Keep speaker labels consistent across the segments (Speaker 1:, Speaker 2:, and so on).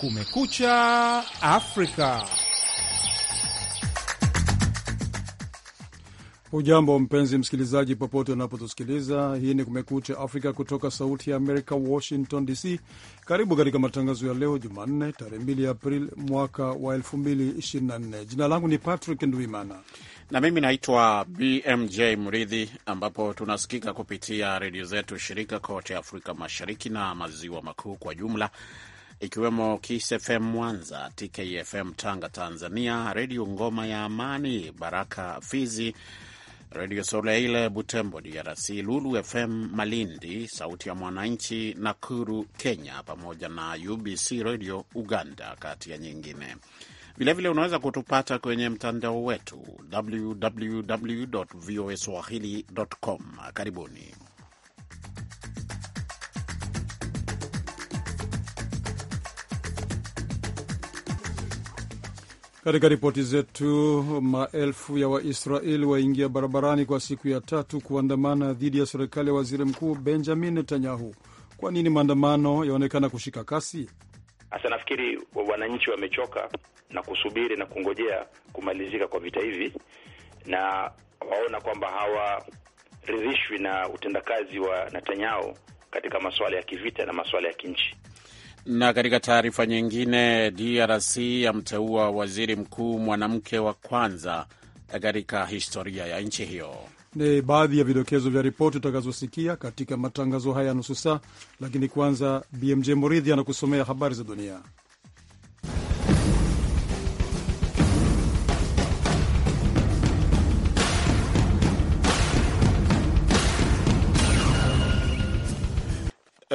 Speaker 1: Kumekucha Afrika.
Speaker 2: Ujambo mpenzi msikilizaji, popote unapotusikiliza. Hii ni Kumekucha Afrika kutoka Sauti ya Amerika, Washington DC. Karibu katika matangazo ya leo Jumanne, tarehe 2 Aprili mwaka wa 2024. Jina langu ni Patrick Ndwimana
Speaker 1: na mimi naitwa BMJ Mridhi, ambapo tunasikika kupitia redio zetu shirika kote Afrika Mashariki na Maziwa Makuu kwa jumla ikiwemo KisFM Mwanza, TKFM Tanga Tanzania, Redio Ngoma ya Amani, Baraka Fizi, Redio soleile Butembo DRC, Lulu FM Malindi, Sauti ya Mwananchi Nakuru Kenya, pamoja na UBC Redio Uganda, kati ya nyingine. Vilevile unaweza kutupata kwenye mtandao wetu www voa swahilicom com. Karibuni.
Speaker 2: Katika ripoti zetu, maelfu ya Waisraeli waingia barabarani kwa siku ya tatu kuandamana dhidi ya serikali ya waziri mkuu Benjamin Netanyahu. Kwa nini maandamano yaonekana kushika kasi?
Speaker 3: Hasa nafikiri wananchi wamechoka na kusubiri na kungojea kumalizika kwa vita hivi, na waona kwamba hawaridhishwi na utendakazi wa Netanyahu katika masuala ya kivita na masuala ya
Speaker 1: kinchi. Na katika taarifa nyingine, DRC yamteua waziri mkuu mwanamke wa kwanza katika historia ya nchi hiyo.
Speaker 2: Ni baadhi ya vidokezo vya ripoti utakazosikia katika matangazo haya ya nusu saa, lakini kwanza BMJ Moridhi anakusomea habari za dunia.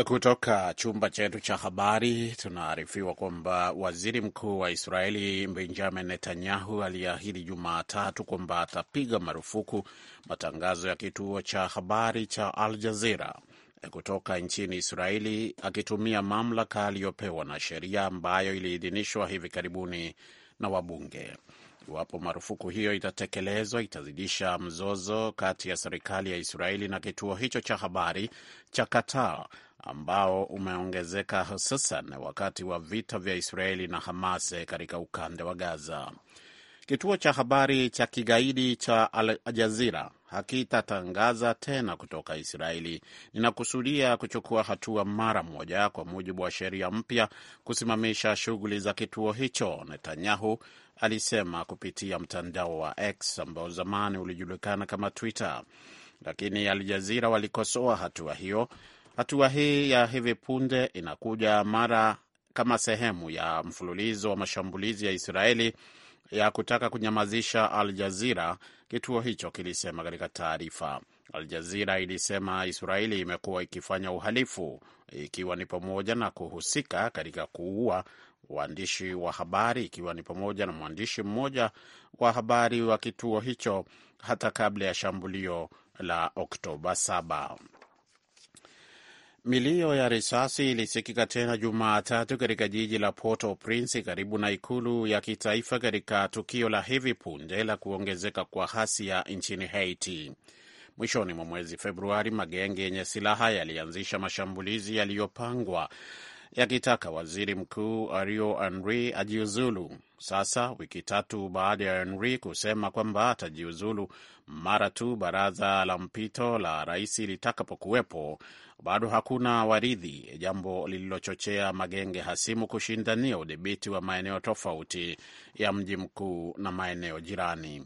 Speaker 1: Kutoka chumba chetu cha habari tunaarifiwa kwamba waziri mkuu wa Israeli Benjamin Netanyahu aliahidi Jumatatu kwamba atapiga marufuku matangazo ya kituo cha habari cha Al Jazira kutoka nchini Israeli akitumia mamlaka aliyopewa na sheria ambayo iliidhinishwa hivi karibuni na wabunge. Iwapo marufuku hiyo itatekelezwa, itazidisha mzozo kati ya serikali ya Israeli na kituo hicho cha habari cha Qatar ambao umeongezeka hususan wakati wa vita vya Israeli na Hamas katika ukanda wa Gaza. Kituo cha habari cha kigaidi cha Al Jazira hakitatangaza tena kutoka Israeli, ninakusudia kuchukua hatua mara moja, kwa mujibu wa sheria mpya, kusimamisha shughuli za kituo hicho, Netanyahu alisema kupitia mtandao wa X ambao zamani ulijulikana kama Twitter. Lakini Al Jazira walikosoa hatua hiyo Hatua hii ya hivi punde inakuja mara kama sehemu ya mfululizo wa mashambulizi ya Israeli ya kutaka kunyamazisha Al Jazira, kituo hicho kilisema katika taarifa. Al Jazira ilisema Israeli imekuwa ikifanya uhalifu, ikiwa ni pamoja na kuhusika katika kuua waandishi wa habari, ikiwa ni pamoja na mwandishi mmoja wa habari wa kituo hicho hata kabla ya shambulio la Oktoba Milio ya risasi ilisikika tena Jumatatu katika jiji la porto prince karibu na ikulu ya kitaifa katika tukio la hivi punde la kuongezeka kwa hasia nchini Haiti. Mwishoni mwa mwezi Februari, magenge yenye silaha yalianzisha mashambulizi yaliyopangwa yakitaka waziri mkuu Ariel Henry ajiuzulu. Sasa wiki tatu baada ya Henry kusema kwamba atajiuzulu mara tu baraza la mpito la rais litakapokuwepo, bado hakuna waridhi, jambo lililochochea magenge hasimu kushindania udhibiti wa maeneo tofauti ya mji mkuu na maeneo jirani.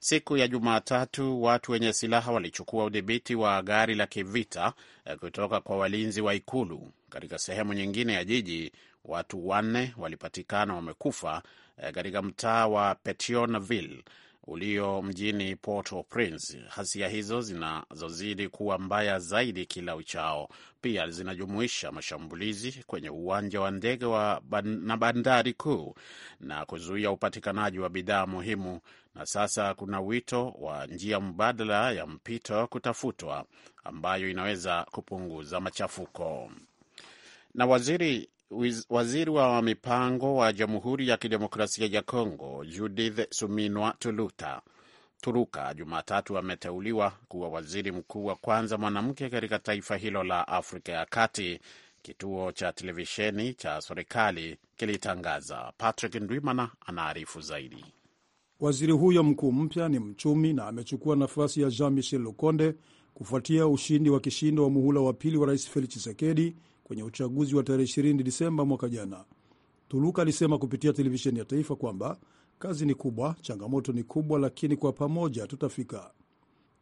Speaker 1: Siku ya Jumatatu, watu wenye silaha walichukua udhibiti wa gari la kivita eh, kutoka kwa walinzi wa ikulu. Katika sehemu nyingine ya jiji, watu wanne walipatikana wamekufa eh, katika mtaa wa Petionville ulio mjini Port-au-Prince. Hasia hizo zinazozidi kuwa mbaya zaidi kila uchao pia zinajumuisha mashambulizi kwenye uwanja wa ndege ban na bandari kuu na kuzuia upatikanaji wa bidhaa muhimu, na sasa kuna wito wa njia mbadala ya mpito kutafutwa ambayo inaweza kupunguza machafuko. Na waziri waziri wa mipango wa Jamhuri ya Kidemokrasia ya Kongo Judith Suminwa tuluta Turuka Jumatatu ameteuliwa kuwa waziri mkuu wa kwanza mwanamke katika taifa hilo la Afrika ya Kati, kituo cha televisheni cha serikali kilitangaza. Patrick Ndwimana anaarifu zaidi.
Speaker 2: Waziri huyo mkuu mpya ni mchumi na amechukua nafasi ya Jean Michel Lukonde kufuatia ushindi wa kishindo wa muhula wa pili wa Rais Felix chisekedi kwenye uchaguzi wa tarehe 20 Disemba mwaka jana. Tuluka alisema kupitia televisheni ya taifa kwamba kazi ni kubwa, changamoto ni kubwa, lakini kwa pamoja tutafika.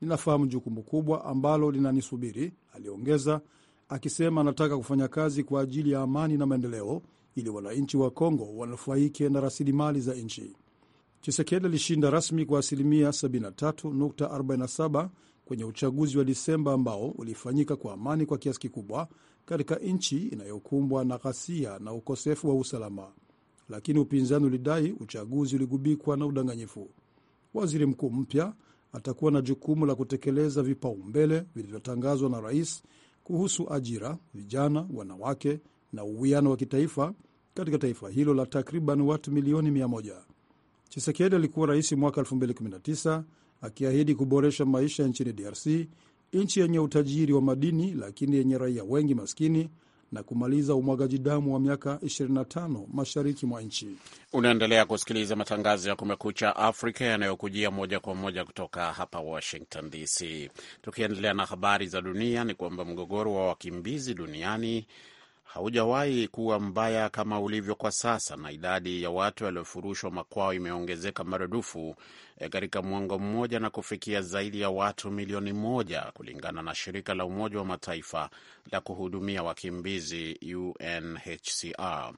Speaker 2: Ninafahamu jukumu kubwa ambalo linanisubiri, aliongeza akisema anataka kufanya kazi kwa ajili ya amani na maendeleo ili wananchi wa Kongo wanufaike na rasilimali za nchi. Chisekedi alishinda rasmi kwa asilimia 73.47 kwenye uchaguzi wa Disemba ambao ulifanyika kwa amani kwa kiasi kikubwa katika nchi inayokumbwa na ghasia na ukosefu wa usalama, lakini upinzani ulidai uchaguzi uligubikwa na udanganyifu. Waziri mkuu mpya atakuwa na jukumu la kutekeleza vipaumbele vilivyotangazwa na rais kuhusu ajira, vijana, wanawake na uwiano wa kitaifa katika taifa hilo la takriban watu milioni 1 Chisekedi alikuwa rais mwaka 2019 akiahidi kuboresha maisha nchini DRC nchi yenye utajiri wa madini lakini yenye raia wengi maskini na kumaliza umwagaji damu wa miaka 25 mashariki mwa nchi.
Speaker 1: Unaendelea kusikiliza matangazo ya Kumekucha Afrika yanayokujia moja kwa moja kutoka hapa Washington DC. Tukiendelea na habari za dunia, ni kwamba mgogoro wa wakimbizi duniani haujawahi kuwa mbaya kama ulivyo kwa sasa, na idadi ya watu waliofurushwa makwao imeongezeka maradufu e, katika mwongo mmoja na kufikia zaidi ya watu milioni moja, kulingana na shirika la Umoja wa Mataifa la kuhudumia wakimbizi UNHCR.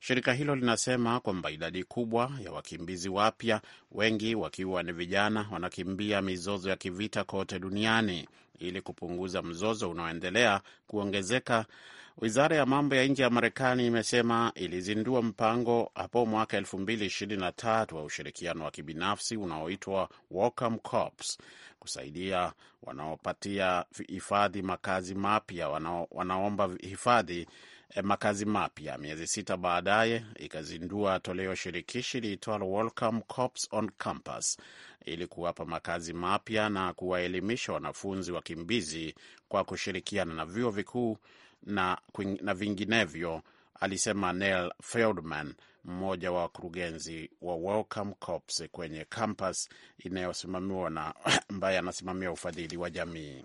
Speaker 1: Shirika hilo linasema kwamba idadi kubwa ya wakimbizi wapya, wengi wakiwa ni vijana, wanakimbia mizozo ya kivita kote duniani ili kupunguza mzozo unaoendelea kuongezeka Wizara ya mambo ya nje ya Marekani imesema ilizindua mpango hapo mwaka 2023 wa ushirikiano wa kibinafsi unaoitwa Welcome Corps kusaidia wanaopatia hifadhi makazi mapya wanao, wanaomba hifadhi eh, makazi mapya. Miezi sita baadaye ikazindua toleo shirikishi liitwalo Welcome Corps on Campus ili kuwapa makazi mapya na kuwaelimisha wanafunzi wakimbizi kwa kushirikiana na vyuo vikuu na, na vinginevyo, alisema Neil Feldman, mmoja wa wakurugenzi wa Welcome Corps kwenye kampas inayosimamiwa na ambaye anasimamia ufadhili wa jamii.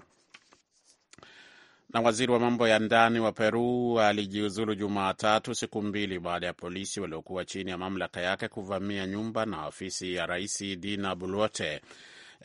Speaker 1: Na waziri wa mambo ya ndani wa Peru alijiuzulu Jumatatu, siku mbili baada ya polisi waliokuwa chini ya mamlaka yake kuvamia nyumba na ofisi ya rais Dina Boluarte.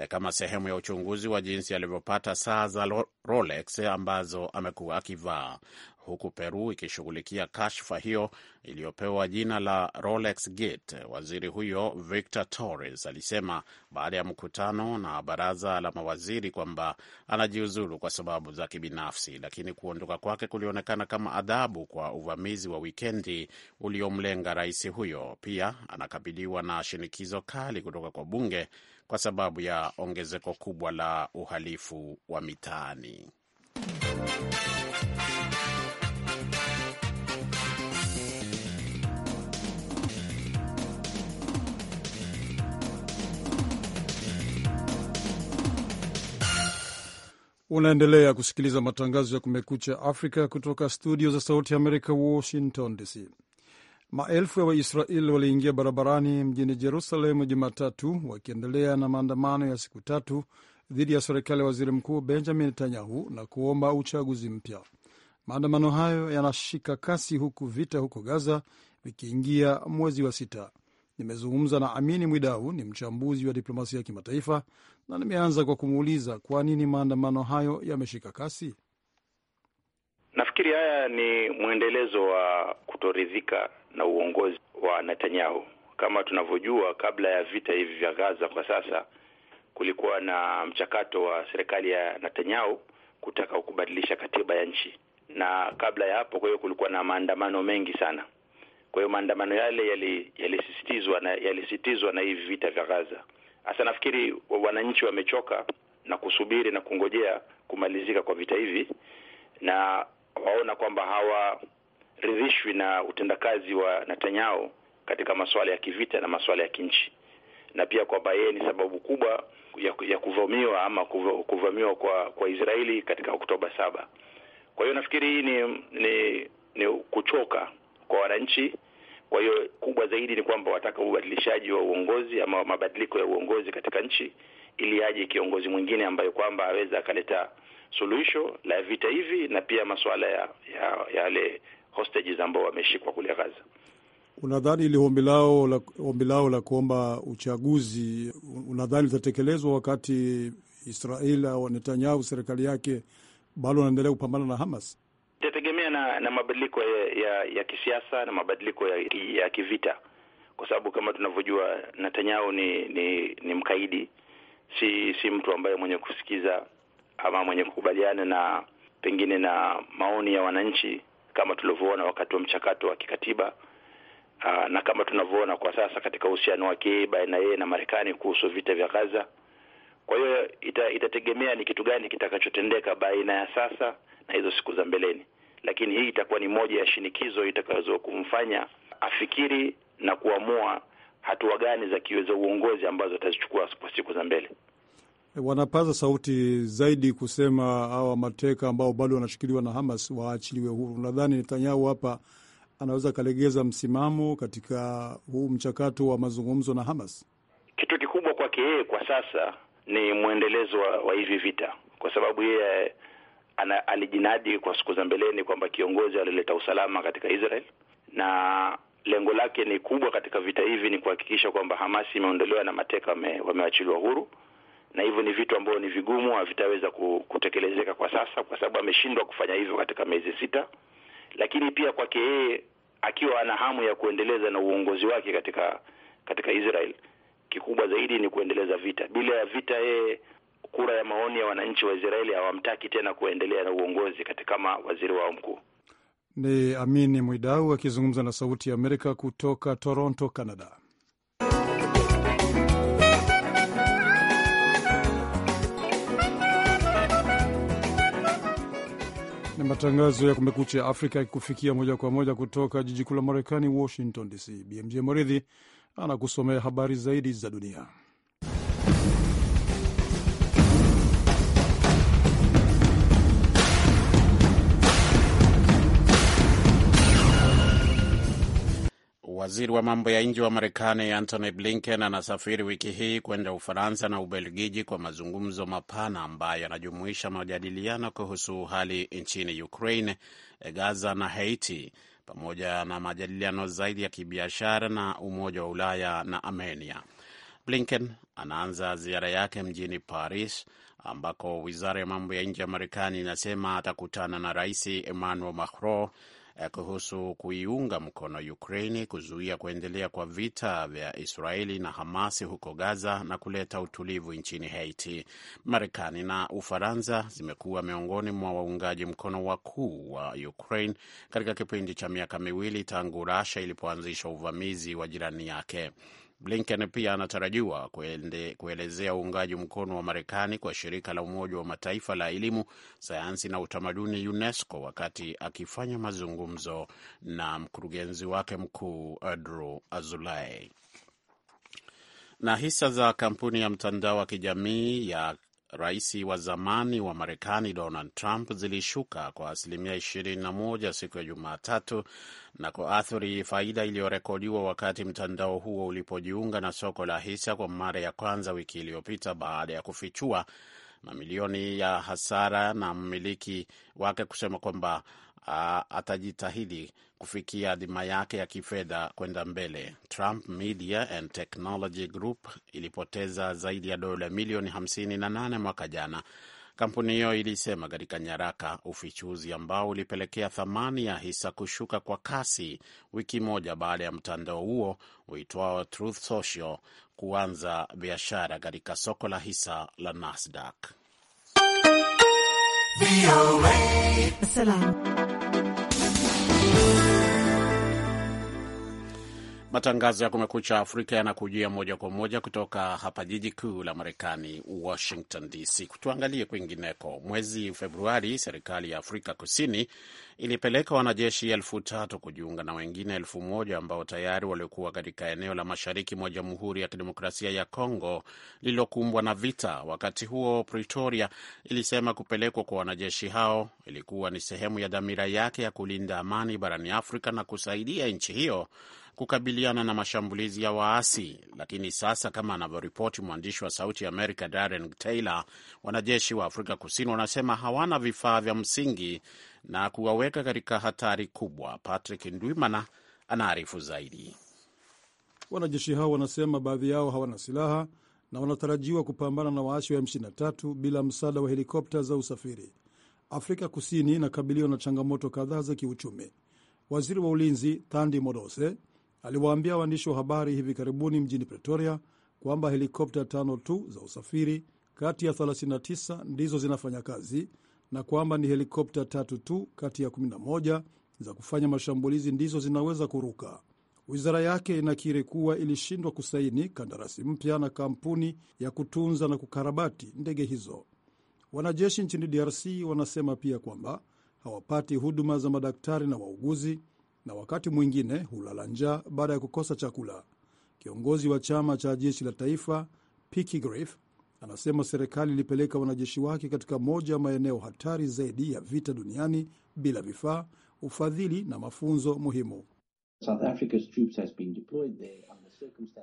Speaker 1: Eh, kama sehemu ya uchunguzi wa jinsi alivyopata saa za Rolex ambazo amekuwa akivaa huku Peru ikishughulikia kashfa hiyo iliyopewa jina la Rolex Gate. Waziri huyo Victor Torres alisema baada ya mkutano na baraza la mawaziri kwamba anajiuzulu kwa sababu za kibinafsi, lakini kuondoka kwake kulionekana kama adhabu kwa uvamizi wa wikendi uliomlenga rais huyo. Pia anakabiliwa na shinikizo kali kutoka kwa bunge kwa sababu ya ongezeko kubwa la uhalifu wa mitaani.
Speaker 2: Unaendelea kusikiliza matangazo ya Kumekucha Afrika kutoka studio za Sauti ya Amerika, Washington DC. Maelfu ya Waisraeli waliingia barabarani mjini Jerusalemu Jumatatu, wakiendelea na maandamano ya siku tatu dhidi ya serikali ya waziri mkuu Benjamin Netanyahu na kuomba uchaguzi mpya. Maandamano hayo yanashika kasi huku vita huko Gaza vikiingia mwezi wa sita. Nimezungumza na Amini Mwidau, ni mchambuzi wa diplomasia ya kimataifa na nimeanza kwa kumuuliza kwa nini maandamano hayo yameshika kasi.
Speaker 3: Nafikiri haya ni mwendelezo wa kutoridhika na uongozi wa Netanyahu. Kama tunavyojua, kabla ya vita hivi vya Gaza kwa sasa, kulikuwa na mchakato wa serikali ya Netanyahu kutaka kubadilisha katiba ya nchi, na kabla ya hapo, kwa hiyo kulikuwa na maandamano mengi sana. Kwa hiyo maandamano yale yalisisitizwa yali na hivi vita vya Gaza Hasa nafikiri wananchi wamechoka na kusubiri na kungojea kumalizika kwa vita hivi, na waona kwamba hawaridhishwi na utendakazi wa Netanyahu katika masuala ya kivita na masuala ya kinchi, na pia kwamba yeye ni sababu kubwa ya, ya kuvamiwa ama kuvamiwa kwa kwa Israeli katika Oktoba saba. Kwa hiyo nafikiri hii ni, ni, ni kuchoka kwa wananchi kwa hiyo kubwa zaidi ni kwamba wataka ubadilishaji wa uongozi ama mabadiliko ya uongozi katika nchi, ili aje kiongozi mwingine ambayo kwamba aweza akaleta suluhisho la vita hivi na pia masuala ya yale ya hostages ambao wameshikwa kule Gaza.
Speaker 2: Unadhani ili ombi lao la ombi lao la kuomba uchaguzi unadhani litatekelezwa wakati Israel au Netanyahu serikali yake bado wanaendelea kupambana na Hamas?
Speaker 3: na, mabadiliko ya, ya, ya kisiasa na mabadiliko ya, ya kivita, kwa sababu kama tunavyojua Netanyahu ni, ni ni mkaidi, si si mtu ambaye mwenye kusikiza ama mwenye kukubaliana na pengine na maoni ya wananchi kama tulivyoona wakati wa mchakato wa kikatiba aa, na kama tunavyoona kwa sasa katika uhusiano wake baina yeye na Marekani kuhusu vita vya Gaza. Kwa hiyo ita, itategemea ni kitu gani kitakachotendeka baina ya sasa na hizo siku za mbeleni lakini hii itakuwa ni moja ya shinikizo itakazo kumfanya afikiri na kuamua hatua gani za kiweza uongozi ambazo atazichukua siku za mbele.
Speaker 2: Wanapaza sauti zaidi kusema hawa mateka ambao bado wanashikiliwa na Hamas waachiliwe huru. Nadhani Netanyahu hapa anaweza akalegeza msimamo katika huu mchakato wa mazungumzo na Hamas.
Speaker 3: Kitu kikubwa kwake yeye kwa sasa ni mwendelezo wa, wa hivi vita, kwa sababu yeye ana, alijinadi kwa siku za mbeleni kwamba kiongozi alileta usalama katika Israel na lengo lake ni kubwa katika vita hivi ni kuhakikisha kwamba Hamasi imeondolewa na mateka wamewachiliwa wame huru, na hivyo ni vitu ambavyo ni vigumu, havitaweza kutekelezeka kwa sasa, kwa sababu ameshindwa kufanya hivyo katika miezi sita. Lakini pia kwake yeye, akiwa ana hamu ya kuendeleza na uongozi wake katika katika Israel, kikubwa zaidi ni kuendeleza vita. Bila ya vita yeye kura ya maoni ya wananchi wa Israeli hawamtaki tena kuendelea na uongozi katika kama waziri wao mkuu.
Speaker 2: Ni Amini Mwidau akizungumza na Sauti ya Amerika kutoka Toronto, Canada. Ni matangazo ya Kumekucha Afrika yakikufikia moja kwa moja kutoka jiji kuu la Marekani, Washington DC. BMJ Moridhi anakusomea habari zaidi za dunia.
Speaker 1: Waziri wa mambo ya nje wa Marekani Antony Blinken anasafiri wiki hii kwenda Ufaransa na Ubelgiji kwa mazungumzo mapana ambayo yanajumuisha majadiliano kuhusu hali nchini Ukraine, Gaza na Haiti, pamoja na majadiliano zaidi ya kibiashara na Umoja wa Ulaya na Armenia. Blinken anaanza ziara yake mjini Paris ambako wizara ya mambo ya nje ya Marekani inasema atakutana na Rais Emmanuel Macron Eh, kuhusu kuiunga mkono Ukraini kuzuia kuendelea kwa vita vya Israeli na Hamasi huko Gaza na kuleta utulivu nchini Haiti. Marekani na Ufaransa zimekuwa miongoni mwa waungaji mkono wakuu wa Ukraine katika kipindi cha miaka miwili tangu rasha ilipoanzisha uvamizi wa jirani yake. Blinken pia anatarajiwa kuende, kuelezea uungaji mkono wa Marekani kwa shirika la Umoja wa Mataifa la elimu, sayansi na utamaduni UNESCO wakati akifanya mazungumzo na mkurugenzi wake mkuu Andrew Azulay. Na hisa za kampuni ya mtandao wa kijamii ya rais wa zamani wa Marekani Donald Trump zilishuka kwa asilimia 21 siku ya Jumatatu na kuathiri faida iliyorekodiwa wakati mtandao huo ulipojiunga na soko la hisa kwa mara ya kwanza wiki iliyopita baada ya kufichua mamilioni ya hasara na mmiliki wake kusema kwamba atajitahidi kufikia dhima yake ya kifedha kwenda mbele. Trump Media and Technology Group ilipoteza zaidi ya dola milioni 58 mwaka jana, kampuni hiyo ilisema katika nyaraka, ufichuzi ambao ulipelekea thamani ya hisa kushuka kwa kasi wiki moja baada ya mtandao huo uitwao Truth Social kuanza biashara katika soko la hisa la Nasdaq. Matangazo ya Kumekucha Afrika yanakujia moja kwa moja kutoka hapa jiji kuu la Marekani, Washington DC. Tuangalie kwingineko. Mwezi Februari, serikali ya Afrika Kusini ilipeleka wanajeshi elfu tatu kujiunga na wengine elfu moja ambao tayari waliokuwa katika eneo la mashariki mwa Jamhuri ya Kidemokrasia ya Kongo lililokumbwa na vita. Wakati huo, Pretoria ilisema kupelekwa kwa wanajeshi hao ilikuwa ni sehemu ya dhamira yake ya kulinda amani barani Afrika na kusaidia nchi hiyo kukabiliana na mashambulizi ya waasi. Lakini sasa, kama anavyoripoti mwandishi wa Sauti ya Amerika Darren Taylor, wanajeshi wa Afrika Kusini wanasema hawana vifaa vya msingi na kuwaweka katika hatari kubwa. Patrick Ndwimana anaarifu zaidi.
Speaker 2: Wanajeshi hao wanasema baadhi yao hawana silaha na wanatarajiwa kupambana na waasi wa M23 bila msaada wa helikopta za usafiri. Afrika Kusini inakabiliwa na changamoto kadhaa za kiuchumi. Waziri wa ulinzi Thandi Modose aliwaambia waandishi wa habari hivi karibuni mjini Pretoria kwamba helikopta tano tu za usafiri kati ya 39 ndizo zinafanya kazi na kwamba ni helikopta tatu tu kati ya 11 za kufanya mashambulizi ndizo zinaweza kuruka. Wizara yake inakiri kuwa ilishindwa kusaini kandarasi mpya na kampuni ya kutunza na kukarabati ndege hizo. Wanajeshi nchini DRC wanasema pia kwamba hawapati huduma za madaktari na wauguzi, na wakati mwingine hulala njaa baada ya kukosa chakula. Kiongozi wa chama cha jeshi la taifa Piki Griff Anasema serikali ilipeleka wanajeshi wake katika moja ya maeneo hatari zaidi ya vita duniani bila vifaa, ufadhili na mafunzo muhimu.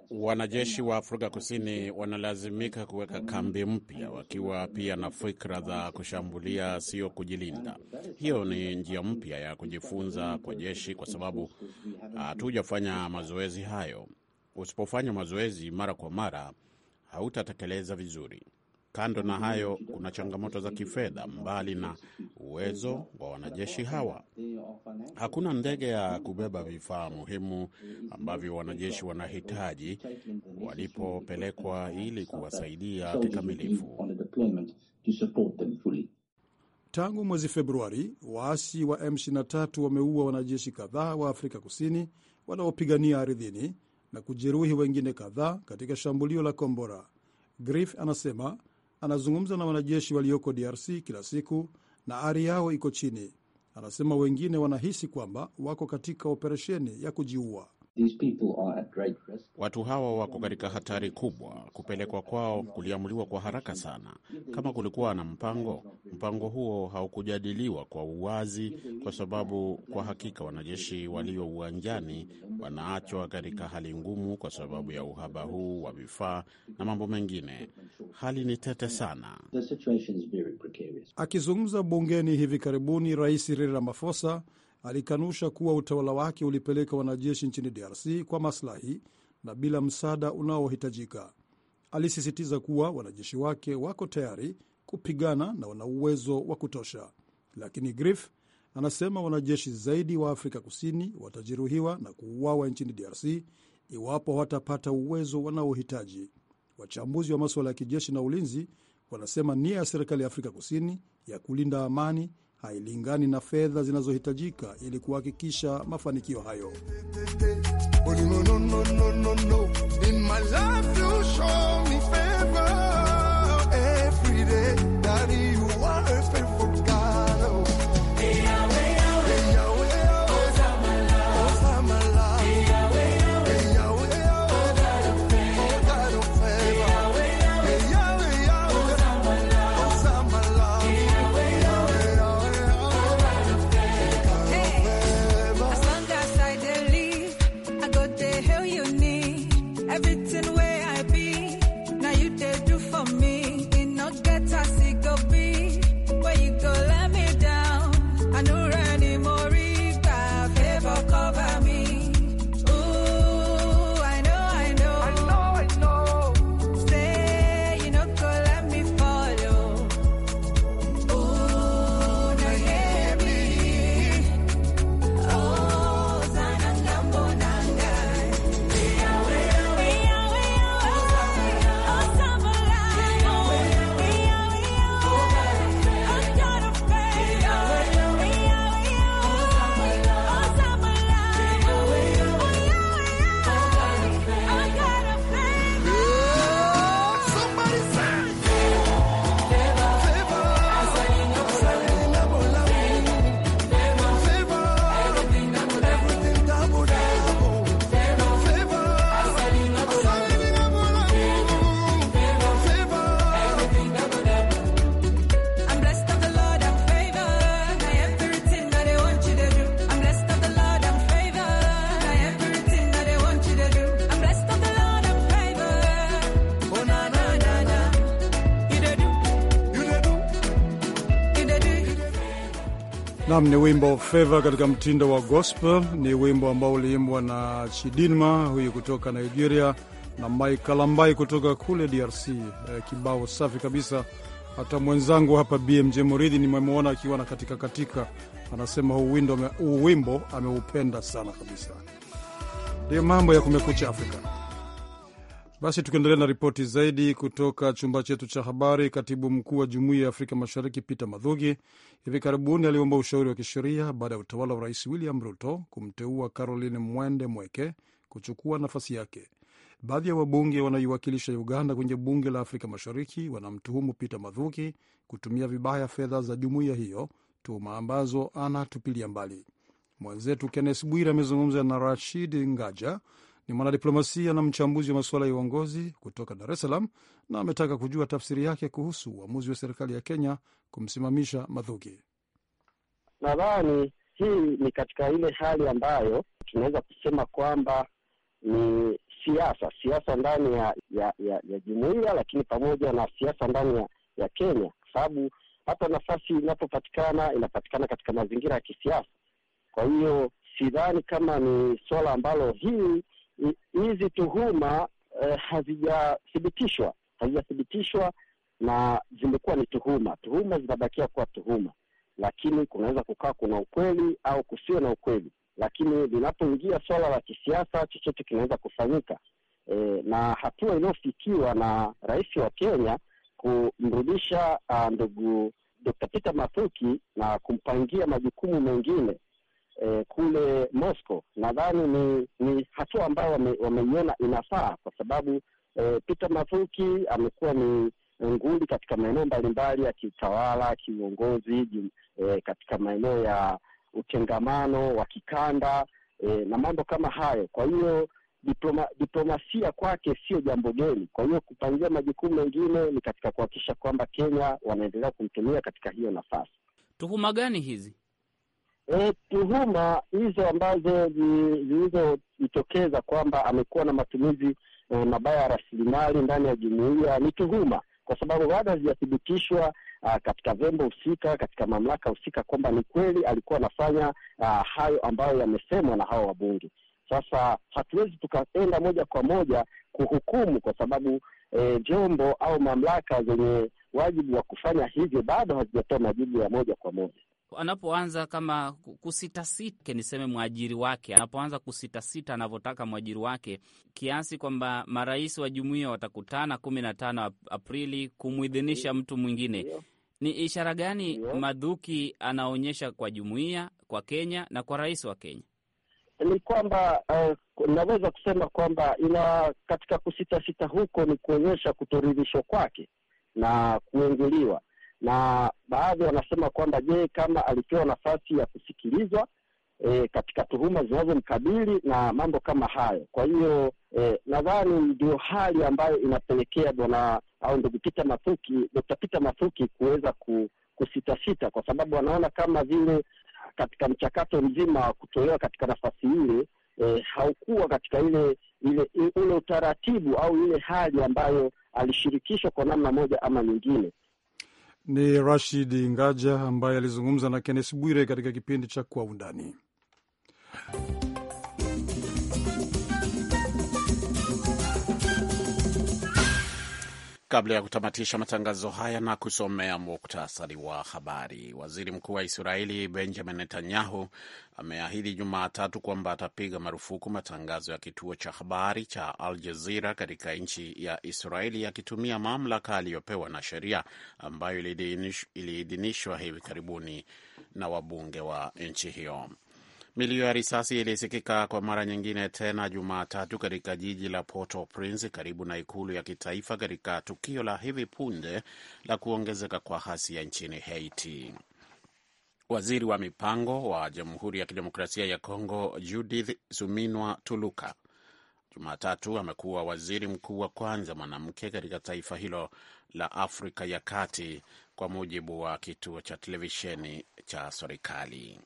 Speaker 1: Wanajeshi wa Afrika Kusini wanalazimika kuweka kambi mpya wakiwa pia na fikra za kushambulia, sio kujilinda. Hiyo ni njia mpya ya kujifunza kwa jeshi, kwa sababu hatujafanya mazoezi hayo. Usipofanya mazoezi mara kwa mara, hautatekeleza vizuri. Kando na hayo, kuna changamoto za kifedha. Mbali na uwezo wa wanajeshi hawa, hakuna ndege ya kubeba vifaa muhimu ambavyo wanajeshi wanahitaji walipopelekwa ili kuwasaidia kikamilifu.
Speaker 2: Tangu mwezi Februari, waasi wa M23 wameua wanajeshi kadhaa wa Afrika Kusini wanaopigania ardhini na kujeruhi wengine kadhaa katika shambulio la kombora. grif anasema anazungumza na wanajeshi walioko DRC kila siku na ari yao iko chini. Anasema wengine wanahisi kwamba wako katika operesheni ya kujiua.
Speaker 1: These people are at great risk. Watu hawa wako katika hatari kubwa. Kupelekwa kwao kuliamuliwa kwa haraka sana. Kama kulikuwa na mpango, mpango huo haukujadiliwa kwa uwazi, kwa sababu kwa hakika wanajeshi walio uwanjani wanaachwa katika hali ngumu kwa sababu ya uhaba huu wa vifaa na mambo mengine. Hali ni tete sana.
Speaker 2: Akizungumza bungeni hivi karibuni, Rais Cyril Ramaphosa alikanusha kuwa utawala wake ulipeleka wanajeshi nchini DRC kwa maslahi na bila msaada unaohitajika. Alisisitiza kuwa wanajeshi wake wako tayari kupigana na wana uwezo wa kutosha, lakini Grif anasema wanajeshi zaidi wa Afrika Kusini watajeruhiwa na kuuawa nchini DRC iwapo hawatapata uwezo wanaohitaji. Wachambuzi wa masuala ya kijeshi na ulinzi wanasema nia ya serikali ya Afrika Kusini ya kulinda amani hailingani na fedha zinazohitajika ili kuhakikisha mafanikio hayo. Oh, Nam ni wimbo Feva katika mtindo wa gospel. Ni wimbo ambao uliimbwa na Chidinma huyu kutoka Nigeria na Mike kutoka kule DRC. Eh, kibao safi kabisa. Hata mwenzangu hapa BMJ Muridhi nimemwona akiwa na katika katika, anasema huu wimbo ameupenda sana kabisa. Ndiyo mambo ya Kumekucha Afrika. Basi tukiendelea na ripoti zaidi kutoka chumba chetu cha habari, katibu mkuu wa jumuiya ya Afrika Mashariki Peter Madhugi hivi karibuni aliomba ushauri wa kisheria baada ya utawala wa Rais William Ruto kumteua Caroline Mwende Mweke kuchukua nafasi yake. Baadhi ya wabunge wanaoiwakilisha Uganda kwenye bunge la Afrika Mashariki wanamtuhumu Peter Mathuki kutumia vibaya fedha za jumuiya hiyo, tuhuma ambazo anatupilia mbali. Mwenzetu Kennes Bwire amezungumza na Rashid Ngaja, ni mwanadiplomasia na mchambuzi wa masuala ya uongozi kutoka Dar es Salaam, na ametaka kujua tafsiri yake kuhusu uamuzi wa serikali ya Kenya kumsimamisha
Speaker 4: madhuki Nadhani hii ni katika ile hali ambayo tunaweza kusema kwamba ni siasa, siasa ndani ya ya, ya, ya jumuiya, lakini pamoja na siasa ndani ya, ya Kenya, kwa sababu hata nafasi inapopatikana inapatikana katika mazingira ya kisiasa. Kwa hiyo sidhani kama ni suala ambalo hii hizi tuhuma uh, hazijathibitishwa hazijathibitishwa na zimekuwa ni tuhuma. Tuhuma zinabakia kuwa tuhuma, lakini kunaweza kukaa kuna ukweli au kusio na ukweli, lakini linapoingia swala la kisiasa, chochote kinaweza kufanyika. E, na hatua iliyofikiwa na rais wa Kenya kumrudisha ah, ndugu d Peter Mathuki na kumpangia majukumu mengine eh, kule Moscow, nadhani ni ni hatua ambayo wameiona wame inafaa, kwa sababu eh, Peter Mathuki amekuwa ni nguli katika maeneo mbalimbali ya kiutawala, kiuongozi, eh, katika maeneo ya utengamano wa kikanda eh, na mambo kama hayo. Kwa hiyo diploma, diplomasia kwake sio jambo geni. Kwa hiyo kupangia majukumu mengine ni katika kuhakikisha kwamba Kenya wanaendelea kumtumia katika hiyo nafasi. Tuhuma gani hizi? E, tuhuma hizo ambazo zilizojitokeza kwamba amekuwa na matumizi e, mabaya ya rasilimali ndani ya jumuiya ni tuhuma, kwa sababu bado hazijathibitishwa katika vyombo husika, katika mamlaka husika kwamba ni kweli alikuwa anafanya hayo ambayo yamesemwa na hao wabunge. Sasa hatuwezi tukaenda moja kwa moja kuhukumu kwa sababu e, jombo au mamlaka zenye wajibu wa kufanya hivyo bado hazijatoa majibu ya moja kwa moja anapoanza kama kusitasita, niseme mwajiri wake anapoanza kusitasita anavyotaka mwajiri wake, kiasi kwamba marais wa jumuiya watakutana kumi na tano Aprili kumwidhinisha mtu mwingine. Ni ishara gani Madhuki anaonyesha kwa jumuiya, kwa Kenya na kwa rais wa Kenya? Ni kwamba uh, naweza kusema kwamba ina katika kusitasita huko ni kuonyesha kutoridhishwa kwake na kuingiliwa na baadhi wanasema kwamba je, kama alipewa nafasi ya kusikilizwa E, katika tuhuma zinazomkabili na mambo kama hayo. Kwa hiyo e, nadhani ndio hali ambayo inapelekea bwana au ndugu pita Mathuki, Dkt. pita Mathuki kuweza ku, kusitasita kwa sababu wanaona kama vile katika mchakato mzima wa kutolewa katika nafasi ile e, haukuwa katika ile ile ule utaratibu au ile hali ambayo alishirikishwa kwa namna moja ama nyingine.
Speaker 2: Ni Rashid Ngaja ambaye alizungumza na Kennes Bwire katika kipindi cha Kwa Undani.
Speaker 1: Kabla ya kutamatisha matangazo haya na kusomea muktasari wa habari, waziri mkuu wa Israeli Benjamin Netanyahu ameahidi Jumatatu kwamba atapiga marufuku matangazo ya kituo cha habari cha Al Jazira katika nchi ya Israeli akitumia mamlaka aliyopewa na sheria ambayo iliidhinishwa hivi karibuni na wabunge wa nchi hiyo. Milio ya risasi ilisikika kwa mara nyingine tena Jumatatu katika jiji la Port-au-Prince karibu na ikulu ya kitaifa katika tukio la hivi punde la kuongezeka kwa ghasia nchini Haiti. Waziri wa mipango wa Jamhuri ya Kidemokrasia ya Kongo Judith Suminwa Tuluka Jumatatu amekuwa waziri mkuu wa kwanza mwanamke katika taifa hilo la Afrika ya Kati, kwa mujibu wa kituo cha televisheni cha serikali.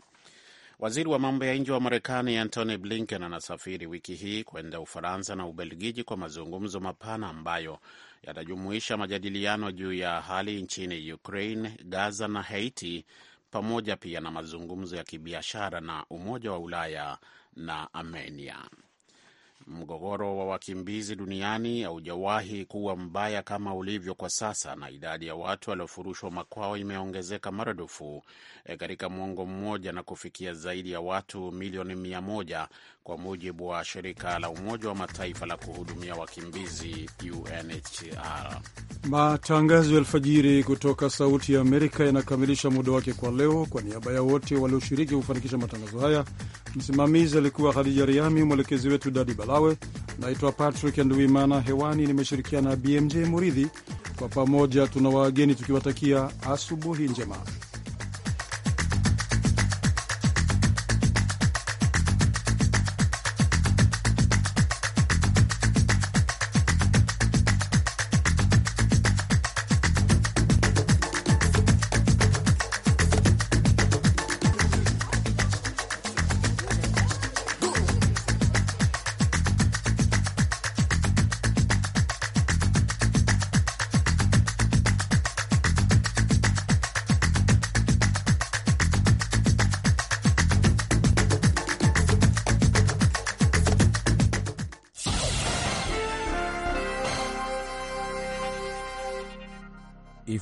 Speaker 1: Waziri wa mambo ya nje wa Marekani Antony Blinken anasafiri wiki hii kwenda Ufaransa na Ubelgiji kwa mazungumzo mapana ambayo yatajumuisha majadiliano juu ya hali nchini Ukraine, Gaza na Haiti, pamoja pia na mazungumzo ya kibiashara na Umoja wa Ulaya na Armenia. Mgogoro wa wakimbizi duniani haujawahi kuwa mbaya kama ulivyo kwa sasa, na idadi ya watu waliofurushwa makwao imeongezeka maradufu e, katika mwongo mmoja na kufikia zaidi ya watu milioni mia moja kwa mujibu wa shirika la Umoja wa Mataifa la kuhudumia wakimbizi UNHCR.
Speaker 2: Matangazo ya alfajiri kutoka Sauti ya Amerika yanakamilisha muda wake kwa leo. Kwa niaba ya wote walioshiriki kufanikisha matangazo haya, msimamizi alikuwa Khadija Riami, mwelekezi wetu Dadi Malawe. Naitwa Patrick Nduimana, hewani nimeshirikiana na BMJ Muridhi. Kwa pamoja tuna wageni tukiwatakia asubuhi njema.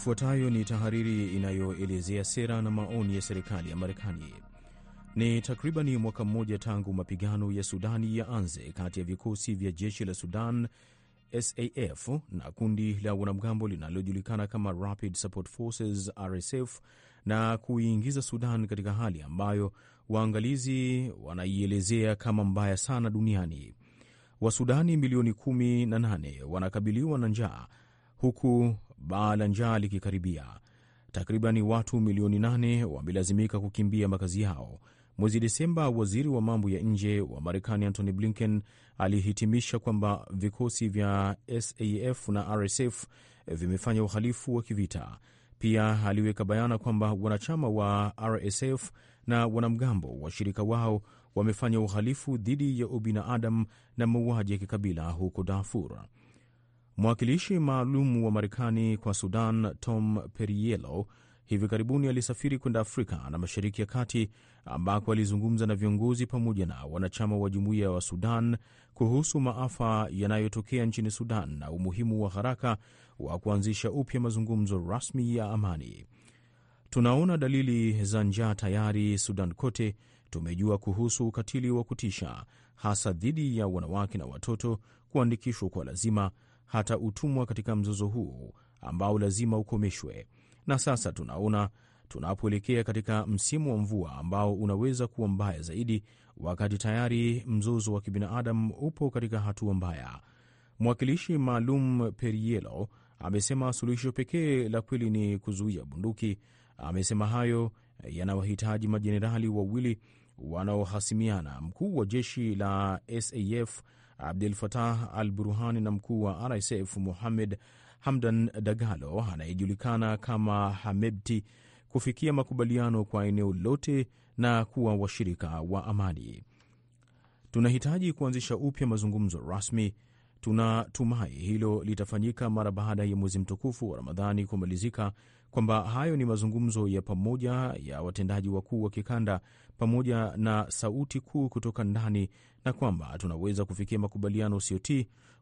Speaker 5: Ifuatayo ni tahariri inayoelezea sera na maoni ya serikali ya Marekani. Ni takribani mwaka mmoja tangu mapigano ya Sudani yaanze kati ya vikosi vya jeshi la Sudan SAF na kundi la wanamgambo linalojulikana kama Rapid Support Forces RSF na kuiingiza Sudan katika hali ambayo waangalizi wanaielezea kama mbaya sana duniani. Wasudani milioni 18 wanakabiliwa na njaa huku baa la njaa likikaribia. Takribani watu milioni nane wamelazimika kukimbia makazi yao. Mwezi Desemba, waziri wa mambo ya nje wa Marekani Antony Blinken alihitimisha kwamba vikosi vya SAF na RSF vimefanya uhalifu wa kivita. Pia aliweka bayana kwamba wanachama wa RSF na wanamgambo washirika wao wamefanya uhalifu dhidi ya ubinadamu na mauaji ya kikabila huko Darfur. Mwakilishi maalum wa Marekani kwa Sudan Tom Perriello hivi karibuni alisafiri kwenda Afrika na Mashariki ya Kati ambako alizungumza na viongozi pamoja na wanachama wa jumuiya wa Sudan kuhusu maafa yanayotokea nchini Sudan na umuhimu wa haraka wa kuanzisha upya mazungumzo rasmi ya amani. Tunaona dalili za njaa tayari Sudan kote. Tumejua kuhusu ukatili wa kutisha hasa dhidi ya wanawake na watoto, kuandikishwa kwa lazima hata utumwa katika mzozo huu ambao lazima ukomeshwe. Na sasa tunaona tunapoelekea katika msimu wa mvua ambao unaweza kuwa mbaya zaidi, wakati tayari mzozo wa kibinadamu upo katika hatua mbaya. Mwakilishi maalum Perielo amesema suluhisho pekee la kweli ni kuzuia bunduki. Amesema hayo yanawahitaji majenerali wawili wanaohasimiana, mkuu wa jeshi la SAF Abdel Fatah al Burhani na mkuu wa RSF Muhamed Hamdan Dagalo anayejulikana kama hamebti kufikia makubaliano kwa eneo lote na kuwa washirika wa amani. Tunahitaji kuanzisha upya mazungumzo rasmi. Tunatumai hilo litafanyika mara baada ya mwezi mtukufu wa Ramadhani kumalizika kwamba hayo ni mazungumzo ya pamoja ya watendaji wakuu wa kikanda pamoja na sauti kuu kutoka ndani, na kwamba tunaweza kufikia makubaliano sio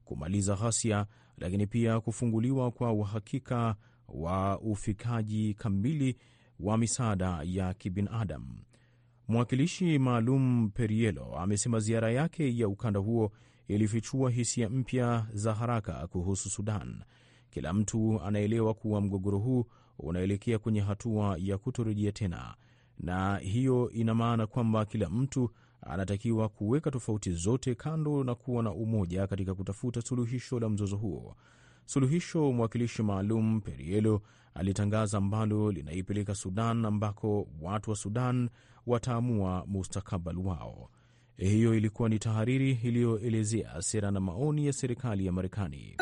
Speaker 5: kumaliza ghasia, lakini pia kufunguliwa kwa uhakika wa ufikaji kamili wa misaada ya kibinadamu. Mwakilishi maalum Perielo amesema ziara yake ya ukanda huo ilifichua hisia mpya za haraka kuhusu Sudan. Kila mtu anaelewa kuwa mgogoro huu unaelekea kwenye hatua ya kutorejea tena, na hiyo ina maana kwamba kila mtu anatakiwa kuweka tofauti zote kando na kuwa na umoja katika kutafuta suluhisho la mzozo huo. Suluhisho mwakilishi maalum Perielo alitangaza ambalo linaipeleka Sudan ambako watu wa Sudan wataamua mustakabali wao. Hiyo ilikuwa ni tahariri iliyoelezea sera na maoni ya serikali ya Marekani.